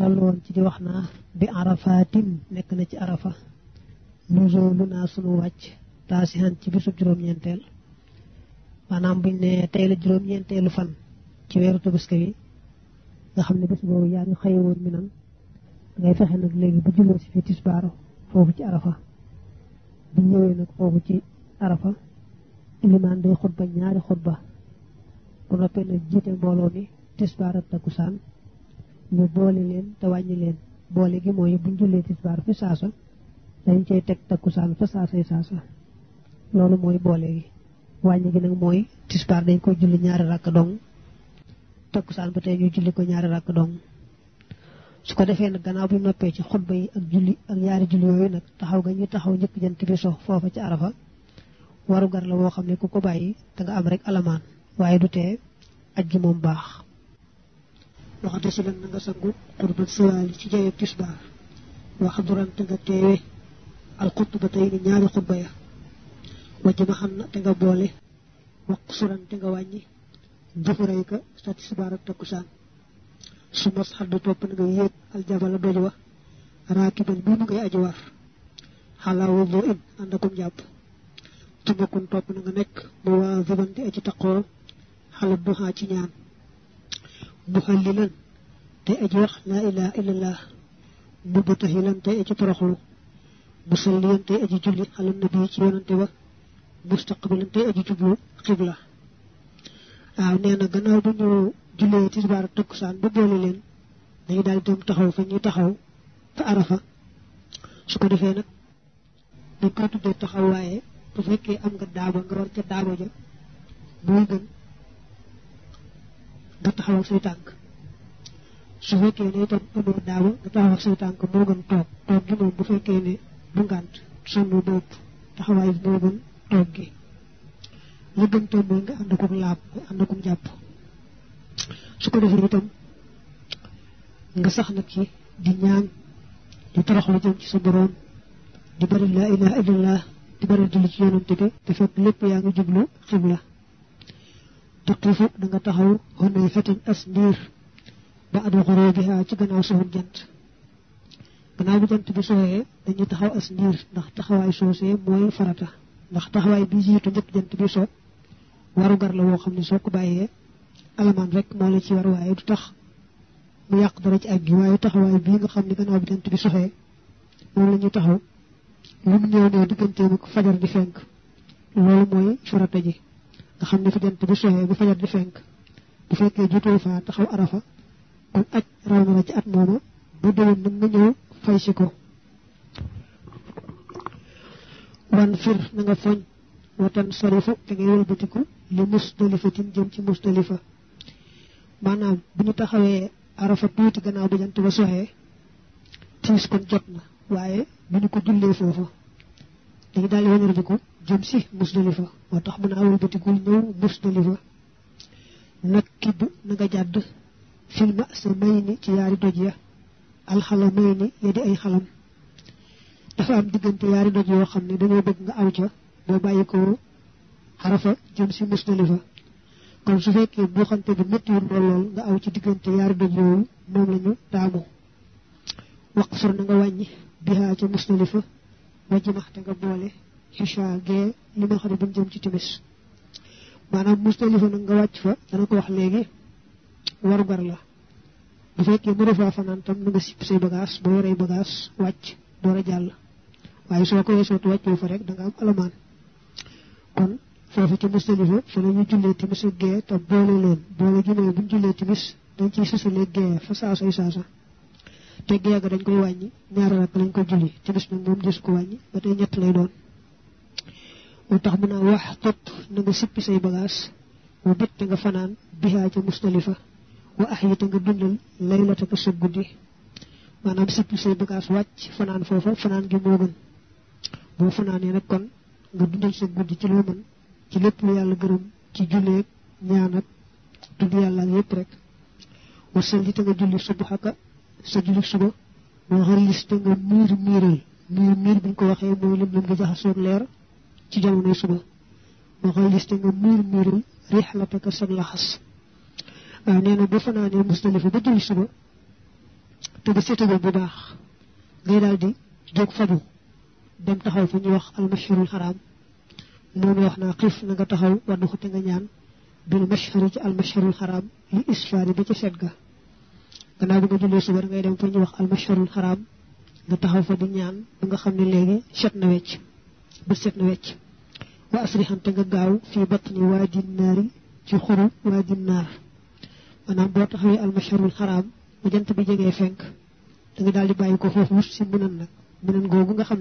tollu woon ci di wax naa bi arafa arafatin nekk na ci arafa nuzoolu naa sunu wàcc taasihan ci bisub juróom-ñeenteel maanaam buñ ne tey la juróom-ñeenteelu fan ci weeru tabaski bi nga xam ne bés boobu yaa ngi xëye woon mi nan ngay fexe nag léegi bu julloo fi tisbaaro foofu ci arafa bu ñëwee nag foofu ci arafa ilimaan day xutba ñaari xutba bu noppee nag jiite mbooloo mi tisbaar ak takkusaan ñu boole leen te wàññi leen boole gi mooy buñ jullee tisbaar fi saasa dañ cey teg takkusaan fa saasay saasa loolu mooy boole gi wàññi gi nag mooy tisbaar dañ ko julli ñaari rakk dong takkusaan ba tey ñu julli ko ñaari rakk dong su ko defee nag gannaaw bi noppee ci xutba yi ak julli ak ñaari julli yooyu nag taxaw nga ñu taxaw njëkk jant bi so foofa ci arafa warugar la woo xam ne ku ko bàyyi da nga am rek alamaan waaye du tee aj gi moom baax waxante silan na nga sangu xurbat sawaali ci jayeb tisbaar waxduran te nga teewe alxutba tey ni ñaari xutba ya wajjama xam na te nga boole waq suran te nga wàññi duxuray ka sa tisbaar ak takkusaan su mos xaddu topp na nga yéeg aljabala doj wa raakiban bii mu ngay aji war xalaa wudoo in ànd akum jàpp tumakun topp na nga nekk mu waa vivandi aji taqoo xala duxaa ci ñaan muhallilan tey aji wax laa ilaha illallah mubtahilan tey aji toroxlu musalliyan tey aji julli ala nabi ci yonante ba mustaqbilan tey aji jublu xibla waaw nee na gannaaw bu ñu jullee tisbaar ak takkusaan ba boole dañu daal dem taxaw fa ñuy taxaw fa arafa su ko defee nag dañ koy tuddee taxaw waaye bu fekkee am nga daaba nga war ca daaba ja muy gën nga taxawal say tànk su fekkee ne itam amoo daawa nga taxawal say tànk moo gën toog toog gi moom bu fekkee ne du ngànt su ko defee itam nga sax nag ci di ñaan di toroxlu jëm ci sa boroom di bari laa ilaha illallah di bari julli ci yonante bi te fekk lépp yaa ngi jublu xibla taqifu da nga taxaw xonay fetin as ndiir ba adu xoroo bi ci gannaaw soxu jant gannaaw bu jant bi sooyee dañuy taxaw as ndiir ndax taxawaay soosee mooy farata ndax taxawaay bi jiitu njëkk jant bi so waru la woo xam ne soo ko bàyyee alamaan rek moo la ci war waaye du tax mu yàq dara ci ak gi waaye taxawaay bii nga xam ne gannaaw bi jant bi soxee moom la ñuy taxaw lu mu ñëw ñëw fajar di fenk loolu mooy farata ji nga xam ne fi jant bi soxee bu fajar bi fenk bu fekkee jotoo fa taxaw arafa kon aj raw na la ci at mooma bu déwén nag nga ñëw fay si ko wan fir na nga foñ watan sorifa te ngay wëlbatiku li musdalifa tin jëm ci fa maanaam bu ñu taxawee arafa tuuti gannaaw bu jant ba soxee tiis kon jot na waaye bu ñu ko jullee foofu dañu daal di wëñërdiku jëm si musdalifa moo tax mën a awal batigul ñëw musdalifa nakkib na nga jàdd filma sa may ni ci yaari doj ya alxala ya di ay xalam dafa am diggante yaari doj yoo xam ne dañoo bëgg nga aw ca boo bàyyi ko xarafa jëm musdalifa kon su fekkee buuxante bi méttiwul lool lool nga aw ci diggante yaari doj yooyu moom lañu taamu waqsur na nga wàññi bihaa ca musdalifa wajjimax te nga boole isha gee li nga xam jëm ci timis maanaam Musdalifa nag nga wàcc fa dana ko wax léegi warugar la bu fekkee mënu faa fanaan tam na nga sipp say bagage boo waree bagage wàcc door a jàll waaye soo ko weesootu wàccoo fa rek da am alamaan kon foofu ci Musdalifa fa la ñu jullee timis ak gee te boole leen boole gi mooy buñ jullee timis dañ ciy sësale gee fa saasay saasa te gee ga dañ koy wàññi ñaari rakk lañ ko julli timis nag moom des moo tax mu naa wax xot na nga sippi say bagaas wa bit te nga fanaan bihaa ca Musdalifa wa ax yi te nga dundal laylataka sa guddi maanaam sippi say bagaas wàcc fanaan foofa fanaan gi moo gën boo fanaanee nag kon nga dundal sa guddi ci loo mën ci lépp yàlla gërëm ci julleeg ñaan ak tudd yàlla yépp rek wa sal yi te nga julli sa julli suba wa xëlis te nga miir miir miir ñu ko waxee mooy lëm lëm nga jaxasoog leer ci jamonoy suba waxal liste nga muur muurul rixlataka sag laxas waaw nee na fanaanee Musdalifa ba julli suba te ba setagul bu baax ngay daal di jóg fabu dem taxaw fu ñuy wax almashharul xaraam moom wax naa xiif na nga taxaw wàllu xute nga ñaan bil mashhari ci almashharul xaraam li isfaari ba ca set ga. gannaaw bi nga jullee suba da ngay dem fu ñuy wax almashharul xaraam nga taxaw fa di ñaan ba nga xam ne léegi set na wecc. ba set na wecc wa asrixante nga gaaw fii batni waadi naari ci xuru waadi naar maanaam boo taxawee almasharul xaraam ba jant bi jegee fenk da nga daal di bàyyi ko foofu si munan nag xam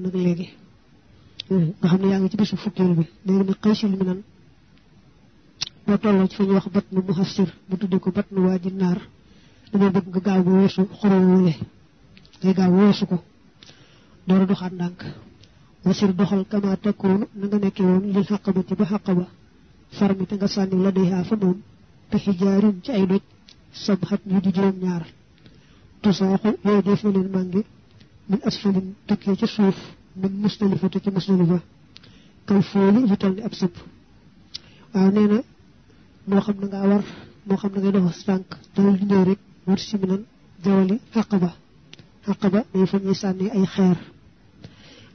ne fi nga yaa ngi ci bisu fukkeel bi léegi ko batnu waadi naar damay bëgg ngay gaaw weesu ko door a doxaat ndànk wasir doxal kama takkoonu na nga nekke woon lil xaqabati ba xaqaba te nga sànni la day fa moom te xijaarin ci ay doj sabxat yu di juróom ñaar tusaaxu yooyu def na leen màngi min asfalin tukkee ci suuf min musdalifatu ci musdalifa kal fooli lu ni ab sëpp waaw nee moo xam na ngaa war moo xam na ngay dox sànq dawal di ñëw rek wut siminan jawali xaqaba xaqaba day fa ñuy sànni ay xeer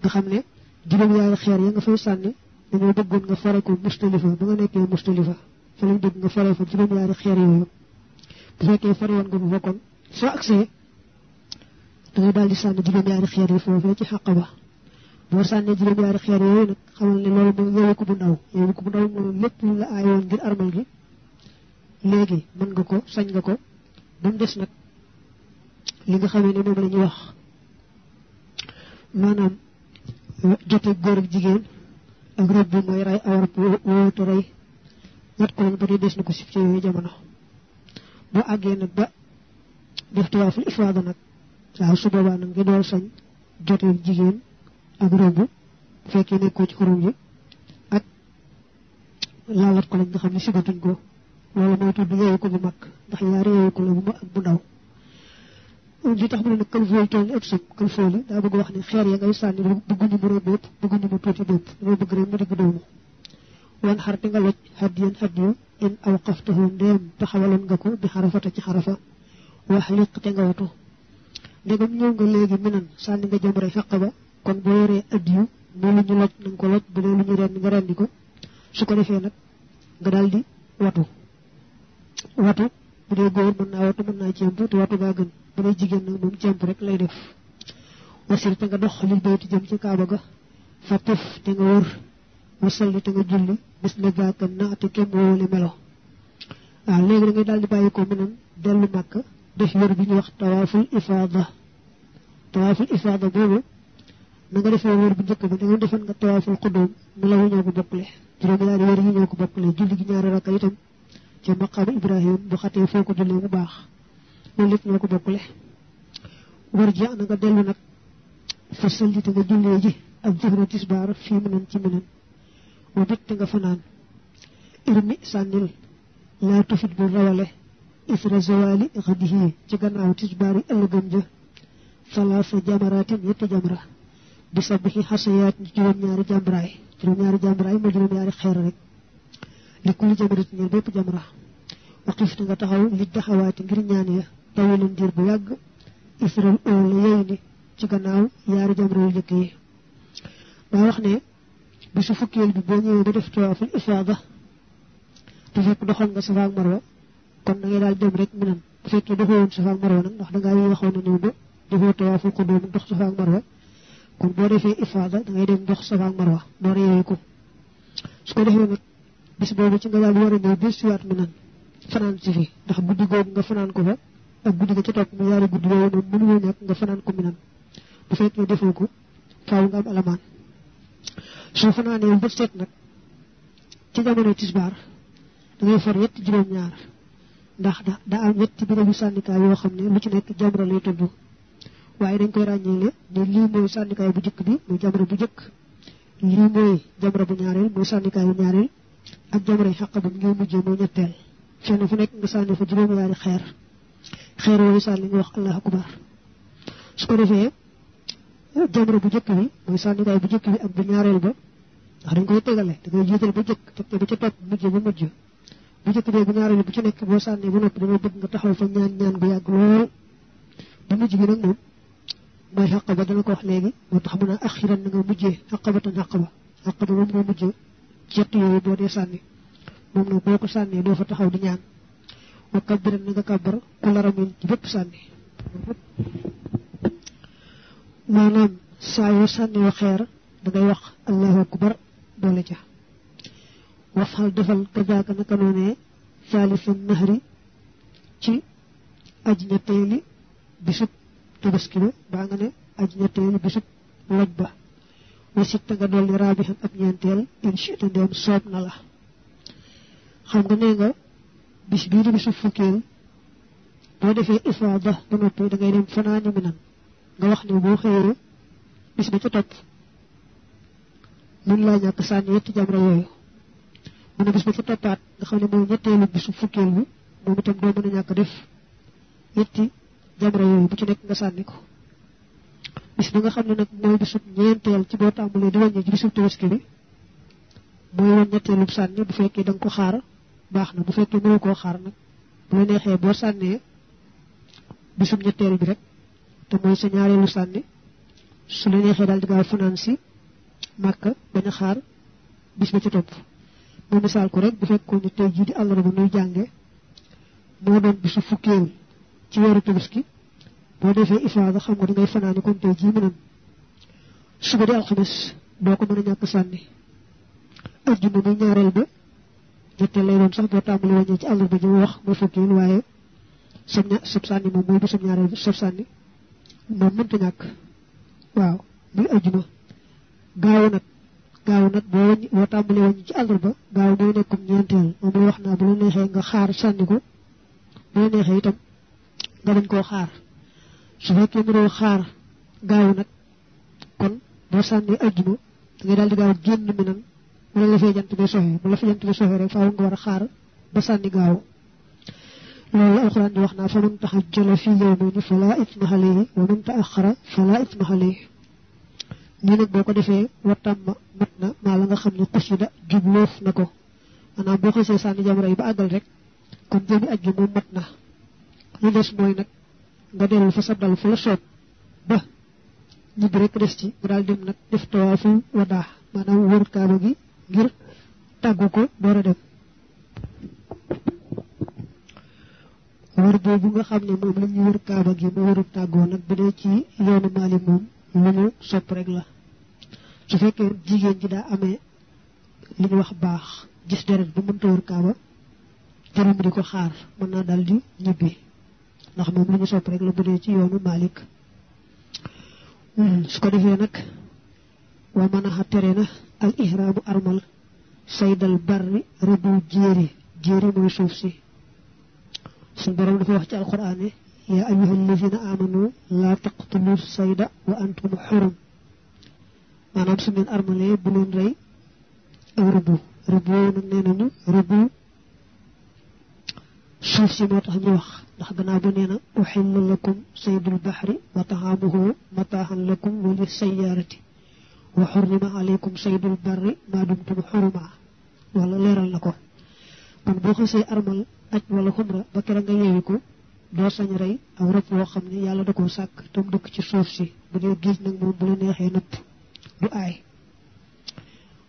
nga xam ne juróom-ñaari xeer ya nga fay sànni dañoo bëggoon nga fare ko mustalifa ba nga nekkee mustalifa fa lañ bëgg nga fare fa juróom-ñaari xeer yooyu bu fekkee fare woon nga bu bokkoon soo agsee da ngay daal di sànni juróom-ñaari xeer yi foofee ci xàq ba boo sànnee juróom-ñaari xeer yooyu nag xamal ne loolu moom yowu ko bu ndaw yowu ko ndaw moom lépp lu la aayoon ngir armal gi léegi mën nga ko sañ nga ko ba mu des nag li nga xamee ne jote góor ak jigéen ak rëbb bi mooy rey awra bu wóotu rey ñett ko ba tey des na ko si ci yooyu jamono boo àggee nag ba def tawaaful ifaada nag waaw nag nga jigéen ak rëbb bu fekkee nekkoo ci xurum yi ak laalat ko lañ nga xam ne sigatuñ ko loolu mooy tudd yeewu ko bu mag ndax yaari yeewu ko bu mag ak bu ndaw li tax mu ne nag kël fool toll ak sëb kël fool yi daa bëgg wax ne xeer ya ngay sànni bëgguñu mu rëbb yëpp bëgguñu mu tuuti bépp dama bëgg rek mu digg doomu wan xar te nga loj hadiyu in aw xaftahu ndéem taxawaloon nga ko bi xarafata ci xarafa wax liq te nga watu ndegam ñëw nga léegi minan sànni nga jëm rek kon boo yoree hadiyu mu na nga ko loj bu dee lu ñu rendi nga rendi ko su ko defee nag nga daal di watu watu bu dee góor mën naa watu mën naa ceeb te watu baa gën bu dee jigéen nag moom jàmp rek lay def wasir te nga dox lil bayti jëm ci kaaba ga fatif te nga wër wasalli te nga julli bis na gaaka naati kem woole melo waaw léegi da ngay daal di bàyyi ko mënoon dellu def wër bi ñuy wax tawaaful ifaada tawaaful boobu na defee wër bu njëkk ba da nga defoon nga tawaaful xudóom mu la wu ñoo ko bokkale juróomi ko bokkale julli gi ñaari rakka itam ca maqaamu ibrahim bu xatee foo ko jullee bu baax loolu lépp ñoo ko bokkule war ja na nga dellu nag fa salli te nga jullee ji ak zuhra tisbaar fii mu ci mu wa bit te nga fanaan irmi sànnil laa tufit bu rawale isra zawali xadihi ci gannaaw tisbaar yi ëllëgëm ja salaasa jamaratin ñetti jamra bi sabixi xasayaat ñi juróom juróom-ñaari xeer rek li kulli jamaratin ñeen bépp jamra waqif te nga taxaw li daxawaati ngir ñaan ya tawilan diir bu yàgg isral óola yey ni ci gannaaw yaari jamre yu njëkk yi daa wax ne bisu fukkeel bi def tawaaful ifaada te fekk doxoon nga Safaa ak Marwa kon da ngay daal da dox Safaa Marwa kon boo defee ifaada da ngay dem dox Safaa ak Marwa door yooyu ko su ko defee nag bis boobu ci nga daal war a ñëw bis siwaat mu nan fanaan si fi ndax bu googu nga fanaan ko fa ak guddi ga ci topp mu yaari guddi yooyu moom mënuñoo ñàkk nga fanaan ko minan bu fekkee defoo ko faaw nga am alamaan soo fanaanee bët seet nag ci jamono tisbaar dangay for ñetti juróom-ñaar ndax da daa am ñetti bërëbu sànnikaay yoo xam ne lu ci nekk jamra lay tudd waaye dañ koy ràññeele ne lii mooy sànnikaay bu njëkk bi mooy jamra bu njëkk lii mooy jamra bu ñaareel mooy sànnikaay ñaareel ak jamra yi xàq bi ngir mujjee mooy ñetteel fenn fu nekk nga sànni fa juróom xeer xeeroo sànni ñu wax allah akbar su ko defee jamra bu njëkk bi mooy sànnikaay bu njëkk bi ak bu ñaareel ba ndax dañ koy tegale da koy jiital ba njëkk teg te ca topp ba mujj bu njëkk bee bu ci nekk boo sànnee bu noppi dama bëgg nga taxaw fa ñaan ñaan bu yàgg lool bu mujj bi nag moom mooy xàq dana ko wax léegi moo tax mu ne axiran na nga mujjee xàq ba tan xàq moom nga mujjee ci yooyu boo dee sànni moom nag boo ko sànnee doo fa taxaw di ñaan wa kabbiran na nga kàbbar kula ramin ci bépp sànni maanaam saa yoo sànni wa xeer dangay wax allahu akbar boole ca waxal defal kazaaka naka noonee saalisan nahri ci aj ñetteeli bisub tabaski baa nga ne aj ñetteeli bisub loj ba wasitta nga dolli raabixan ab ñeenteel in shiita ndeem soob na la xam nga nee nga bis bii di bisu fukkeel boo defee ifaada ba noppi da ngay dem fanaani minam nga wax ne boo xëyee bis ba ca topp mun laa ñàkk sànni yetti jamra yooyu mu ne bis ba ca toppaat nga xam ne mooy ñetteelu bisu fukkeel bi a def yetti jamra yooyu xam ne nag mooy bisub ñeenteel ci boo tàmbalee di wàññi ci bisub tabaski bi mooy sànni bu fekkee da nga ko xaar baax na bu fekkee mënoo koo xaar nag bu la neexee boo sànnee bisum ñetteel bi rek te mooy sa ñaareelu sànni su la neexee daal di gaaw fanaan si màkka bañ a xaar bis ba ca topp mu misaal ko rek bu fekkoon ni tey jii di àllarba nuy jànge moo doon bisu fukkeel ci weeru tabaski boo defee ifaada xam nga dangay fanaani kon tey jii mënam suba di alxames doo ko mën a ñàkk sànni ajjuma muy ñaareel ba ñetteel lay doon sax boo tàmbali wàññee ci àllarba ji mu wax muy fukkiil waaye sab ña sab sànni moom mooy bisab ñaareel bi sab sànni moom mënta ñàkk waaw muy ajuma gaaw nag gaaw nag boo wàññi boo tàmbali wàññi ci àllarba gaaw mooy nekkum ñeenteel moom mooy wax naa bu la neexee nga xaar sànni ko bu la neexee itam nga bañ koo xaar su fekkee mu doon xaar gaaw nag kon boo sànni ajuma da daal di gaaw génn mi nag wala la fee jant bi soxee bu la jant bi soxee rek faaw nga war a xaar ba sànni gaaw loolu la alxuraan di wax naa fa man tahajjala fii yawmayni falaa ithma alayhi falaa ithma ko defee wattam ma mat na ko maanaam yi ba àggal rek kon jëmi aj gi moom mat na li des mooy nag nga dellu fa sa dal fu la soob ba ñibbi rek des ci nga daal dem nag def tawaaful wadaa maanaam wër kaaba gi ngir tàggu ko door a dem wër boobu nga xam ne moom la ñuy tàggoo nag bu dee ci yoonu maali moom lu la su fekkee jigéen ji daa amee li wax baax gis deret bu mënta wër kaaba jërëm di ko xaar mën naa dal di ñibbi ndax moom lu ñu la bu dee ci yoonu maalik hmm, su ko defee nag wa manaxa tere na al ihraamu armal saydal barri rëbbu jéeri jéeri mooy suuf si suñ borom dafa wax ci alquran ne yaa ayyuhal lazina amanu laa taqtulu sayda wa antum xurum maanaam su ngeen armalee bu leen rey aw rëbbu rëbbu woowu nag nee nañu rëbbu suuf si moo tax ñu wax ndax gannaaw ba nee na uxilla lakum saydul baxri wa taxaamuhu mataaxan lakum wa li sayaarati wa xurrima aleykum saydul barri maa dumtum xuruma wala leeral na ko kon boo xasee armal aj wala xumra ba kera nga yeewi doo sañ rey aw xam ne yàlla da koo sàkk tam dëkk ci suuf si bu dee géej nag moom bu la neexee nëpp du aay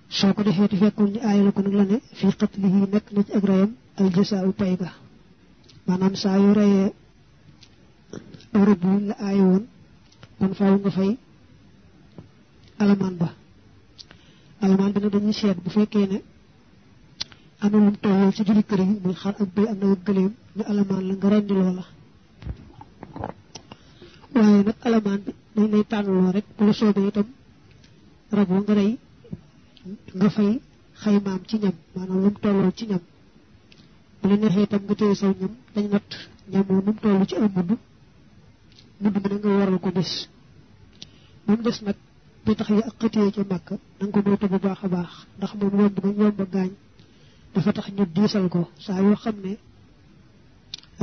soo ko defee te fekkul ñu aay la ko nag la ne fii qatlihi nekk na ak reyam al u pay ga maanaam saa yu reyee aw rab wi la aaye kon faaw nga fay alamaan ba alamaan bi nag dañuy seet bu fekkee ne am na lu mu tolloo ci julli kër yi muy xar ak bëy am na gëléem ne alamaan la nga rendi loola waaye nag alamaan bi dañ lay tànnloo rek bu la soobee itam rab nga rey nga fay xaymaam ci ñam maanaam lu tolloo ci ñam bu la neexee itam nga téye saw ñam dañ nat ñam woo nu ci am mudd mudd bi na nga waral ko bis moom des nag ba tax yi ak xëtiyee ci Makka na ko moytu bu baax a baax ndax moom yomb gañ yomb a gaañ dafa tax ñu diisal ko saa yoo xam ne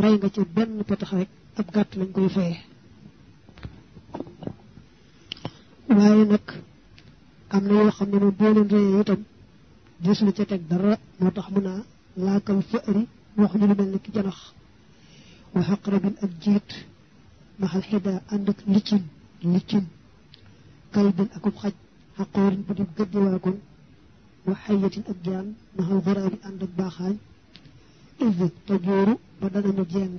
rey nga ci benn petax rek ab gàtt lañ koy fayee waaye nag am na yoo xam ne moom boo leen reyee itam diis lu ca teg dara loo tax mun a laakal fëri wax ñu lu mel ni ki janax wa xaqrabin ak jiit maxal xidaa ànd ak liccin liccin kalbin akub xaj xaqoorin bu di gëddiwaakoon wa xayatin ak jaan maxal xaraari ànd ak baaxaañ is te jooru ba danañu jàng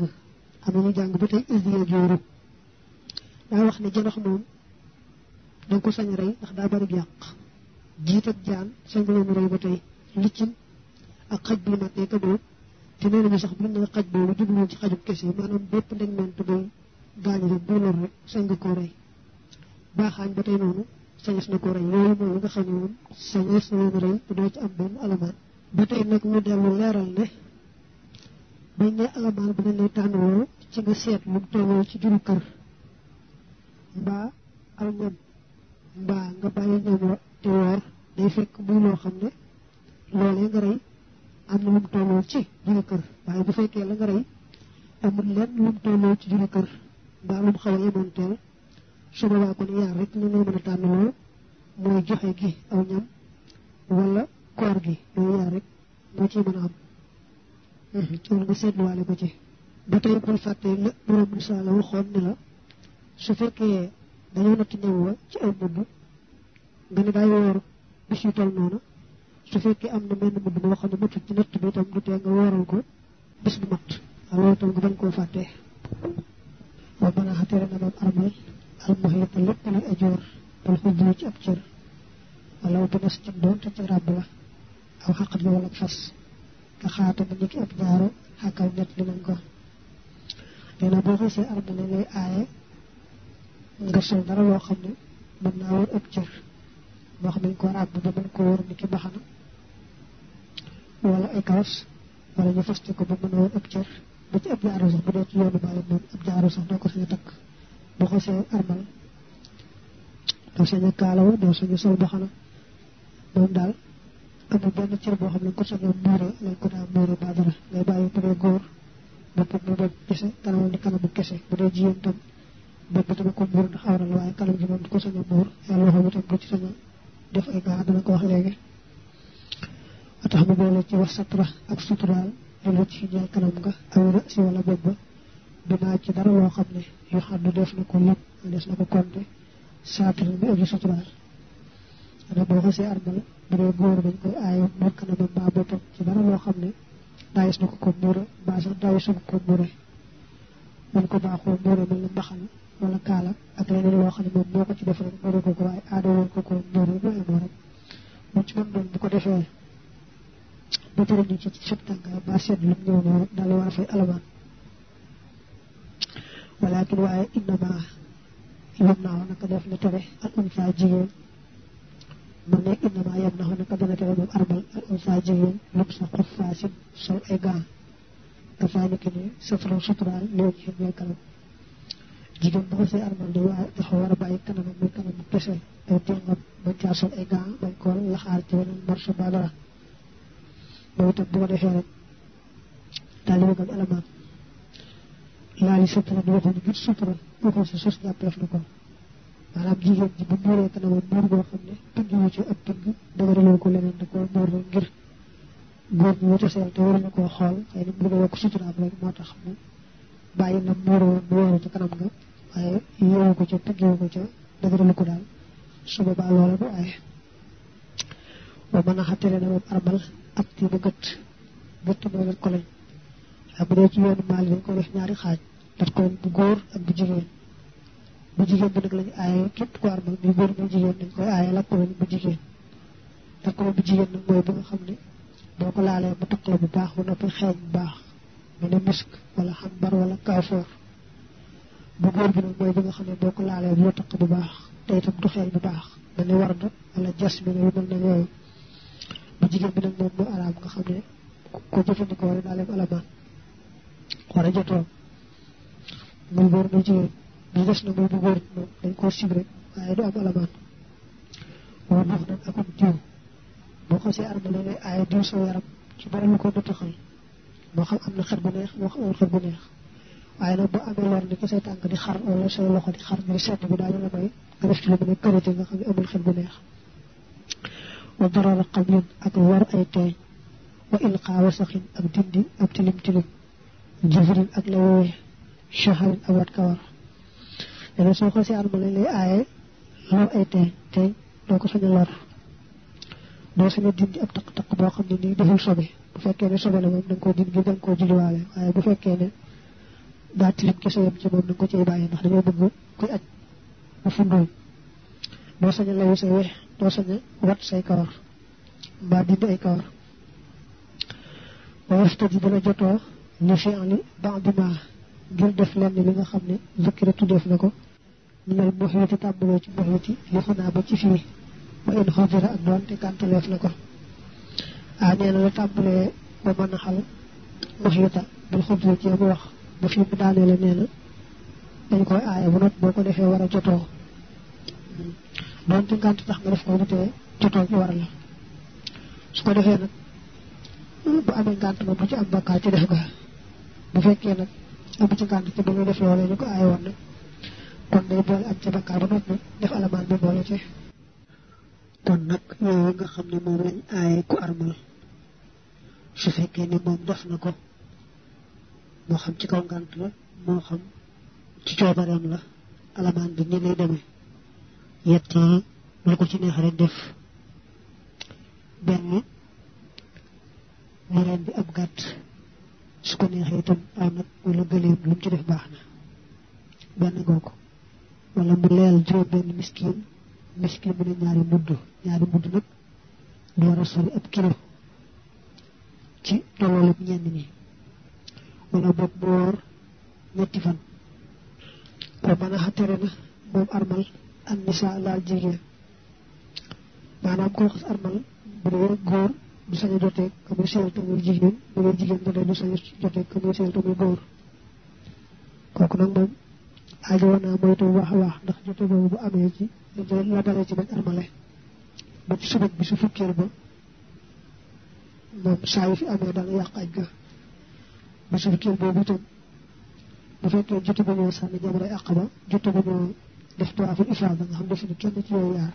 am nañu jàng ba tey is ya jooru wax na janax moom danga ko sañ rey ndax daa bari yàq jiit ak jaan sañ loonu rey ba tey liccin ak xaj bu mat nekk boobu te nee nañu sax bu xaj boobu jubluwoon ci xajub kese maanaam bépp ndeg ment booy gaañu rek buy lor sañ nga baaxaañ ba tey noonu sañes na ko rey yooyu mooy li nga xam ne moom sañes na leen rey te doo ci am benn alamaan ba tey nag ñu dellu leeral ne bañ ne alamaan bi dañ lay tànnaloo ci nga seet lu mu tolloo ci juru kër loo xam ne loolee nga lu mu tolloo ci juru kër waaye bu fekkee la nga rey amul lenn lu mu ci juru kër mbaa lu mu xaw a yemoon su boobaa kon yaar rek ñu noo mën a tànnaloo mooy joxe gi aw ñam wala koor gi yooyu yaar rek moo ciy mën a am mhm. loolu nga seetluwaale ko ci ba tey nga ne daay woor bis yu toll noonu su fekkee am na benn mbubb boo xam ne ci natt bi itam du tee nga wooral ko bis bu mat loolu itam nga bañ koo fàtte wa mën a xatira na moom armal almuhliku lépp luy ajoor bal xubboo ci ab cër walaw bi nas cin doon te ci ràbb la aw xaqat la wala fas nga xaata mu niki ab jaaro xàkkal ñett li nañ ko nee na boo xasee armale aaye nga sol dara loo xam ne mën naa wër ab cër moo xam ne ko ràbb ba mën ko wër niki baxana wala ay kawas wala ñu faste ko ba mën a ab jaaro sax doo ko sañu takk bu xasee armal doo sañu kaalawo doo sañu sol baxana moom daal amul benn cër boo xam ne ko sañoo muure lañ ko daa muure ba dara ngay bàyyi bu dee góor boppam mu doon kese kanamam di kanamu kese bu dee jigéen tam bopp bi tamit ko muur ndax awra la waaye kanam gi moom du ko sañ a muur ay loxo bi tam du ci sa a def ay gaa dana ko wax léegi a tax mu boole ci wax satra ak suturaal li la ci ñaay kanam nga awra si wala bopp ba dinaa ci dara loo xam ne yoo xam ne def na ko des na ko compter saatira mi aju suturaal ana boo xasee armal bu dee ba dañ koy aaye mor kanamam mbaa boppam ci dara loo xam ne daayis na ko ko muure mbaa sax daayis na ko muure mën ko baaxoo muure mel na mbaxal wala kaala ak leneen loo xam ne moom moo ko ci def rek muure ko ko waaye aada woon ko ci mën doon ba tere ñu ci sab tàngaay mbaa war a fay walakin waaye innama yam naaw naka def na tere al unsa jigéen man ne innama yam naaw naka dana tere moom arbal al sa xof fasin sol ay gaa dafaa armal di waaye dafa war a bàyyi kanamam ay tengam bañ caa sol ay gaa bañ koo laxaar ci weneen morso ba dara boobu itam bu alamaan ilaali sutura di waxoon ngir sutura bokkul si sos jàppeef na ko maanaam jigéen ji bu muuree kanamam muur boo xam ne tënk wu ci ab tënk dagaraloo ko leneen da ko muur la ngir góor ñi wute seel te waruñu koo xool xëy na mu bëgg a yokk suturaam rek moo tax mu bàyyi na muur woon mu weeru ci kanam nga waaye yeewu ko ca tënkewu ko ca dagaralu ko daal su boobaa loola du ay ba mën a xattale na moom armal ak ti bu gëtt gëtt mooy lañ ko lañ bu dee ci yoonu maal dañ ko def ñaari xaaj daf ko bu góor ak bu jigéen bu jigéen bi nag lañu aaye képp ko armal bu góor bu jigéen dañ koy aaye lakk ba bu jigéen lakk ba bu jigéen nag mooy bu nga xam ne boo ko laalee mu takk bu baax ba noppi xeeñ bu baax mu ne misk wala xambar bu góor bi nag mooy bi nga xam ne boo ko bu baax te itam du xeeñ bu baax mel ni warda wala jas bi ne na yooyu bu jigéen bi nag moom moo araam nga xam ne ko jëfandikoo rek daaleem alamaan war a moom boor na ci woon ndax des na mooy bu góor moom dañ koo sibre waaye du am alamaan woo ndox nag akum diw boo xasee armale ne aaya diw sa yaram ci dara lu ko nëttaxal moo xam am na xet bu neex moo xam amul xet bu neex waaye nag boo amee leer ni ko say tànk di xar wala say loxo di xar muy sedd bi daañu la may nga def ci lu mën a karité nga xam ne amul xet bu neex wa darala xablin ak war ay teeñ wa ilqaa wasaxin ak dindi ab tilim tilim jëfrin ak la woowee shaharin abat kawar dana soo xasee arma lañ lay aaye loo ay teeñ doo ko sañ doo sañ a dindi ab taq-taq boo xam ne nii deful sobe bu fekkee ne sobe la moom da nga koo dindi ngir da nga koo julliwaale bu fekkee ne daa tilim kese yem ci moom da ko cay bàyyi ndax mbaa dindi ay kawar wastadi dana jotoo li fi'li ba'd ma ngir def lenn li nga xam ne zukkira tuddeef na ko minal muxiiti tàmbaloo ci muxiiti li xunaa ci fii wa in xodira ak doonte gàntaleef ah, la tàmbalee ba mën a xal muxiita bul xodira ci mu wax ba fii mu daanee la nee dañ koy aaya bu not boo ko defee war a jotoo doonte ngànt tax nga def ko bu tee jotoo ci war la su ko defee nag bu amee ngànt ma bu ci am bakkaar ci def ga bu fekkee nag am ci ngànt te ba muy def loolee ñu ko aaye woon kon day boole am ca bakkaar ba noot nag def alamaan bi boole ci kon nag yooyu nga xam ne moom lañ aaye ku armal su fekkee ne moom def na ko moo xam ci kaw ngànt la moo xam ci coobareem la alamaan bi ni lay demee yett lu ko ci neex def benn ñu rendi ab gàtt su ko neexee itam aw nag wala def baax na benn googu wala mu leel juróom benn miskin miskin mu ne ñaari mudd ñaari mudd nag du a sori ab kilo ci tolloolub ñenn ñi wala boog mu woor ñetti fan ko mën tere na moom armal an nisa laal jigéen maanaam ko armal bu dee du sañ a joteeg ka jigéen bu doon jigéen ba tey du sañ a joteeg ka góor kooku nag moom aajo woon naa moytu bu baax a baax ndax jote boobu bu amee ci la dalee ci bañ armale ba ci subat bi su fukkeel ba moom saa yu fi amee daal yàq aj ga ba su fukkeel boobu itam bu fekkee jote ñoo sànni jamono àq ba jote ñoo def tawaaful ifaada nga xam defuñu kenn ci yooyu yaar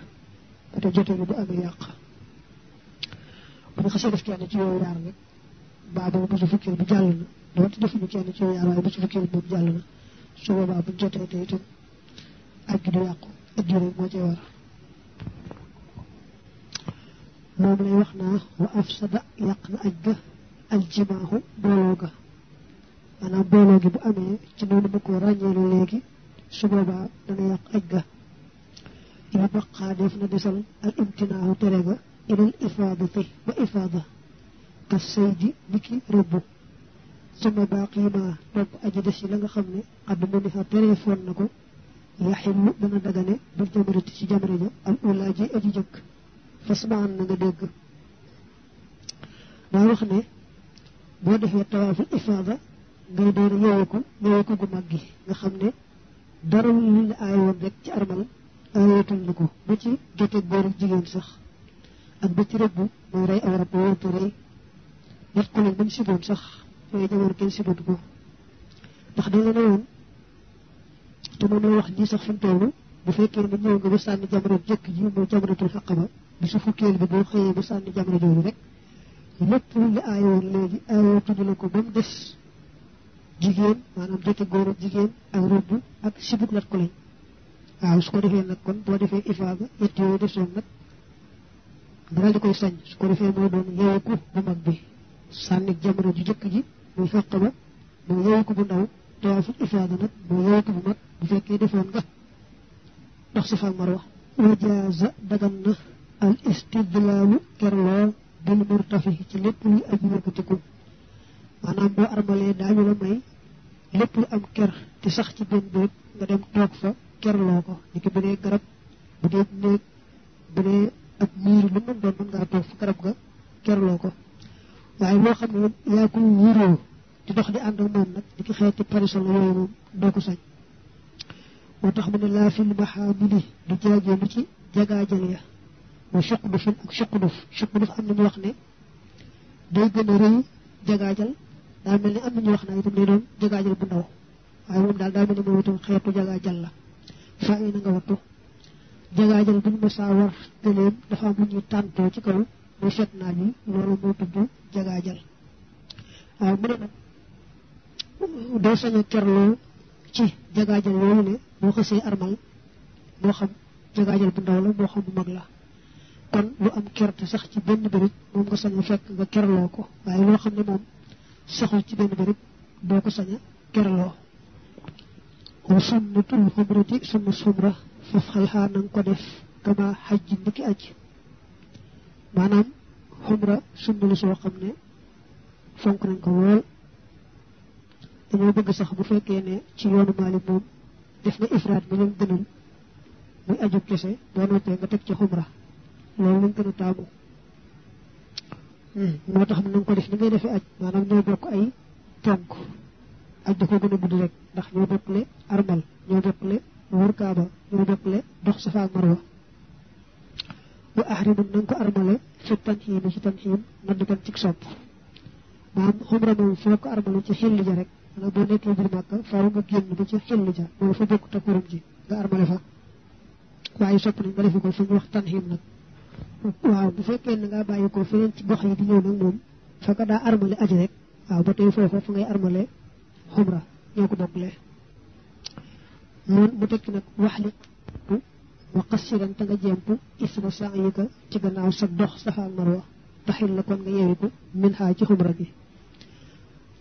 ba tey jote bi bu amee yàq bu xasee def kenn ci yooyu yaar rek ba boobu bu ci fukkeel bi jàll na doonte defuñu kenn ci yooyu yaar waaye bu ci fukkeel boobu jàll na su boobaa bu jotee te itam aj gi du yàqu aj gi rek moo cee war moom lay wax naa wa afsada yàq na aj ga aljimaahu booloo ga maanaam booloo gi bu amee ci noonu ma ko ràññeelu léegi su boobaa dana yàq aj ga yu baqaa def na desal al imtinaahu tere ga ilal ifaadati ba ifaada ka say ji ni ki rëbb suma baaqi ma topp aji des nga xam ne xadd mu ni xa téléphone na ko yaxillu dana dagane bil jamarati ci jamare ja al ula ji aji jëkk fasmaan na nga dégg daa wax ne boo defee tawaaful ifaada ngay door yeeweeku yeeweeku gu mag nga xam ne dara lu ñu aay woon rek ci armal aayatul ñu ko ba ci joteeg booru jigéen sax ak ba ci rëbb muy rey aw rab ba warut a rey yàq ko mu siboon sax yooyu jamono kenn sibootu ko ndax dañ la ne woon te mënoo wax nii sax fi mu toll bu fekkee ne ñëw nga ba sànni jamono jëkk ji mooy jamonatul xaqaba bi su fukkeel bi boo xëyee ba sànni jamono jooju rek lépp lu ñu aayoon léegi la ko ba mu des jigéen maanaam jote góor ak jigéen ak rëbb ak sibut lat ko lañ waaw su ko defee nag kon boo defee ifaada yett yooyu desoon mu daal koy sañ su ko defee mooy doon yeeweeku bu mag bi sànni jamono ju jëkk ji muy fekk ba muy yeeweeku bu ndaw tawaaful ifaada nag muy yeeweeku bu mag bu fekkee defoon nga dox safa ak marwa wajaaza dagan na al istidlaalu kerloo bil murtafi ci lépp luy aju yëkkatiku maanaam boo armalee daañu la may lépp am ker te sax ci benn béréb nga dem toog fa kerloo ko ni bu dee garab bu néeg bu dee ab miir lu mën doon mën ngaa toog fa garab ga kerloo ko waaye loo xam ne yaa koy wéroo di dox di ànd ak moom nag di ki xeeti parasol yooyu moom doo ko sañ moo tax mu ne laa fil maxaamili du jaajee ni ci jagaajal ya wa suqdu fin am na ñu wax ne day gën a rëy jagaajal daa mel ni am na ñu wax ne itam day doon jagaajal bu ndaw waaye moom daal daa mel ni moom itam xeetu jagaajal la faa yi na nga wattu jagaajal buñ mosaa war gëléem dafa am lu ñuy tàntoo ci kaw muy set naa bi loolu moo tudd jagaajal waaw mu ne nag doo kerloo ci jagaajal loolu ne boo xësee armal moo xam jagaajal bu ndaw la moo xam mag la kon lu am kerte sax ci benn béréb moom nga sañ fekk nga kerloo ko waaye loo xam ne moom saxul ci benn béréb boo ko sañ a kerloo wa sunnatul xumrati sunna fafxal xaa na nga ko def kama xaj ji niki aj maanaam xumra sunnalu soo xam ne fonk nañ ko lool dañoo bëgg sax bu fekkee ne ci yoonu Maalik moom def na ifraat bi leen gënal muy aju kese boo noppee nga teg ci xumra loolu lañ gën a taamu hmm. moo tax na nga ko def ni ngay defee aj maanaam ñoo bokk ay ponk aj da ko gën a gudd rek ndax ñoo bokkle armal ñoo bokkle wër kaaba ñoo bokkle dox safa ak marwa bu ahrimun na nga ko armale ci tanxiim ci tanxiim nadd kan cig sopp maanaam xumra moom foo ko armale ci xilli ja rek wala boo nekkee biir màkka faaw nga génn ba ci xilli ja moom fa bokk te kurum ji nga armale fa waaye sopp nañ nga defe fu ñu tanxiim nag waaw bu fekkee na ngaa bàyyi ko feneen ci gox yi di ñëw nag moom fekk daa armale aji rek waaw ba tey foofa fu ngay armale xumra ñoo ko bokkle noonu mu tekki nag waxlit ah, wa qasiran te nga jemp isra sa'yika ci gannaaw sa dox saxaal marwa taxil la kon nga yeewiku min xaa ci xumra gi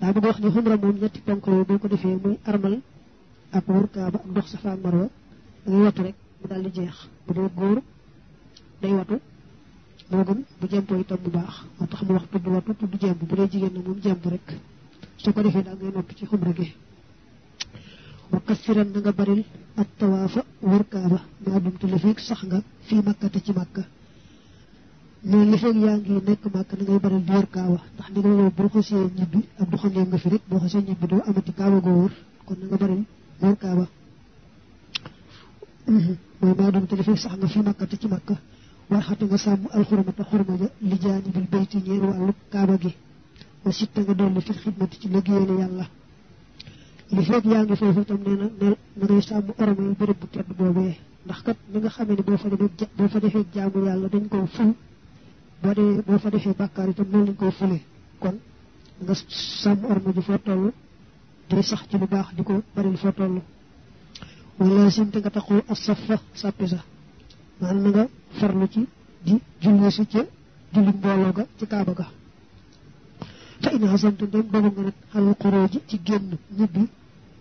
daa bëgg wax ni xumra moom ñetti ponk yooyu boo ko defee muy armal ak wër kaaba ak dox saxaal marwa da ngay watu rek mu daal di jeex bu dee góor day watu moo gën bu jempoo itam bu baax moo tax mu wax tudd watu tudd jemp bu dee jigéen na moom jemp rek soo ko defee daal ngay noppi ci xumra gi wa kassiran na nga baril ak tawaafa wër kaaba maa dumte li feeg sax nga fii màkkate ci màkka mais li feeg yaa ngi nekk màkka na ngay baril di wër kaaba ndax ni nga yow boo xasee ñibbi ak du xamee nga fi rek boo xasee ñibbi doo amati kaaba goo wër kon na nga baril wër kaaba mhm. mooy maa dumte li feeg sax nga fii màkkate ci màkka war xate nga sàmm alxurmata xurma ja li jaanibil bayti ñeel wàllu kaaba gi wa sitta nga dolli fil xidmati ci liggéeyal yàlla li fekk yaa ngi foofu itam nee na na ngay sàmm orama yi bërëb bu tedd boobee ndax kat ni nga xamee ne boo fa demee boo fa defee jaamu yàlla dañ koo ful boo dee boo fa defee bàkkaar itam noonu lañ koo fule kon nga sàmm orma ji foo toll di sax ci lu baax di ko baril foo toll wala simte nga taxoo as saf fa sàppi sa maanaam na nga farlu ci di julli si ca julli mbooloo ga ci kaaba ga fa in xasamtum dem dogu nga nag xalal xuróoji ci génn ñibbi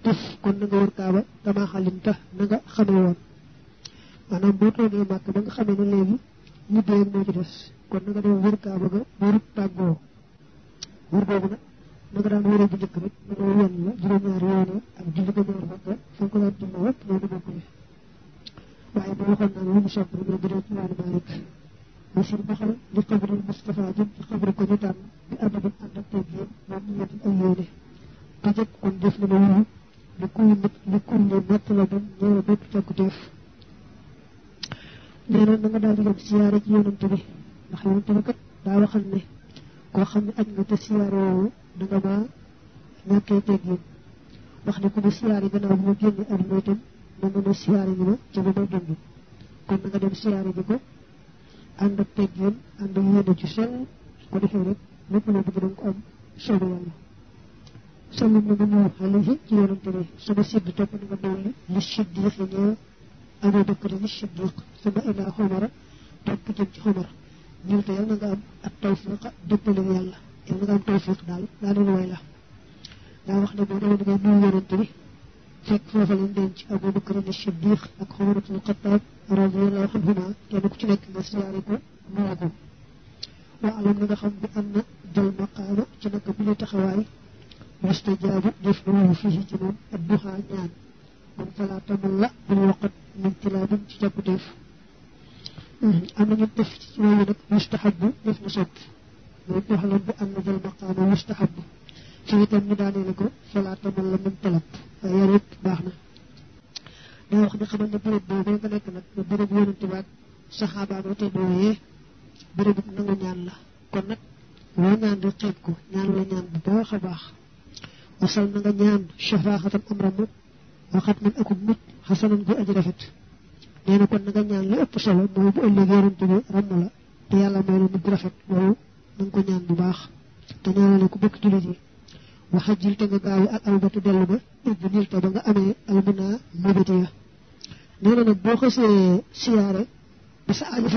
def kon na nga wër kaaba dama xalimta na nga xamee woon maanaam boo toogee màkk ba nga xamee ne léegi ñibbi rek moo ci kon na nga dem wër ga wërub tàggoo wër boobu na nga daan wëree njëkk rek na nga wenn la nga ñaar fukk fa nga ko daan julli yëpp loolu bokk na mu sopp rek nga jëlee ci Bachir Mbaxal li xabril Moustapha jëm ci xabri ko ñu tànn bi adabin ànd ak tey jéem moom niyatin ay yéene ajab kon def na ma wuyu la bam ñeela bépp càkkuteef nee na na nga daal di dem siyaare ne koo xam ne aj nga te da nga maa ñàkkee teeg yéen wax ne ku ma siyaare gannaaw bi ma génne adduna itam na mën a siyaare ñu ma ca ba ma dund kon nga dem siyaare ji ko ànd ak teggin ànd ak yéene ju sell su ko defee rek lépp loo bëgg danga ko am solo yàlla salli mu ngi ñëw alayhi ci yonante bi sama sidd topp li siddiq yi ñëw Abu Bakr li siddiq sama ila xomara topp jëm ci xomara ñu te yàlla na nga am ak tawfiq dëppale yàlla yàlla na nga am tawfiq daal daa doon way la daa wax ne boo demee da ngay fekk foofa lañ denc Abu Bakr as-Siddiq ak Umar ibn Xattaab radiyallahu anhuma kenn ku ci nekk nga siyaare ko nuyu ko wa alam na nga xam bi am na jël maqaama ci naka bi la taxawaay mustajaabu def na wuyu fii ci moom ak duxaa ñaan kon falaa tamal la bul waqat min tilaabin ci jàpputeef am na ñu def ci wàllu nag mustahabu def na sopp mooy doxalam bi am na jël maqaama mustahabu ci itam ñu ko fala tamal la mën talab baax na day wax ne xamal ne bërëb boobu nga nekk nag mu bërëb yonente baat saxaabaam wate booyee bërëbu nangu ñaan la kon nag loo ñaan rek xeeb ko ñaan la bu baax a baax wasal na nga ñaan shafaaxatan am ramu waxat man akub mut xasanan gu aji rafet nee kon na nga ñaan li ëpp solo mooy bu ëllëg yonente la te yàlla may la mujj rafet loolu na ko ñaan bu baax te ñaanale ko bokk jullit yi waxa jil te nga gaawu ak albatu dellu boo xësee siyaare ba sa aju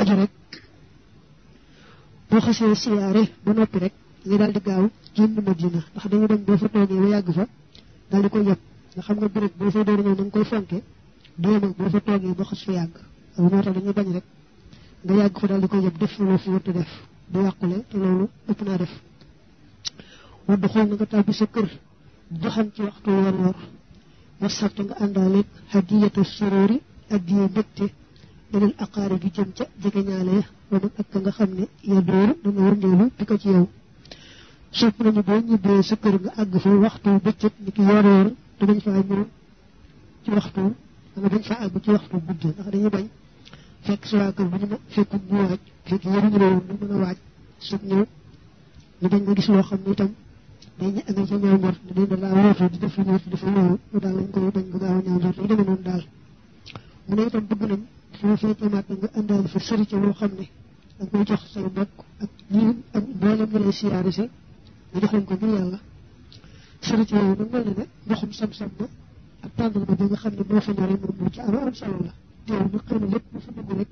ba noppi rek nga daal di gaaw génn Madina ndax dañu dem boo fa toogee ba yàgg fa daal di koy yëpp nga xam nga béréb boo fa toogee ba xas fa yàgg loolu moo tax dañuy bañ rek nga yàgg fa daal di koy yëpp def fa loo def bu yàqule te loolu ëpp naa def wadd xool na nga tàbbi sa kër joxan ci waxtu wan war war sartu nga àndaale hadiyatu sururi addiye mbégte beneen aqaari bi jëm ca jegeñaale ya waman ak nga xam ne ya dóoru dana wërndeelu di ko ci yow sopp nañu boo ñibbee sa kër nga àgg fa waxtu bëccëg ni ki yor yor te bañ faa danga bañ faa àgg ci waxtu guddi ndax dañuy bañ fekk sa waa kër bu ñu fekkut ñu waaj fekk yëruñu la woon ñu mën a waaj soog ñëw ñu bañ nga gis loo xam ne itam day ñu a ca ñaaw de laa wóotu di def lu ñaaw di daal ko gaaw a ñaaw njort yu demee noonu daal mu ne itam bëgg nañ foo fee imaat nga àndaale fa sëri ca loo xam ne danga koy jox say mbokk ak ñi ak mboolem ñu lay siyaare si nga jox leen ko ngir yàlla sëri ca yooyu nag mel na ne ndoxum sam-sam ba ak tàngal ba bi nga xam ne moo fa ñoree moom mu ci am am solo la teew ñu xëy na lépp bu fa dugg rek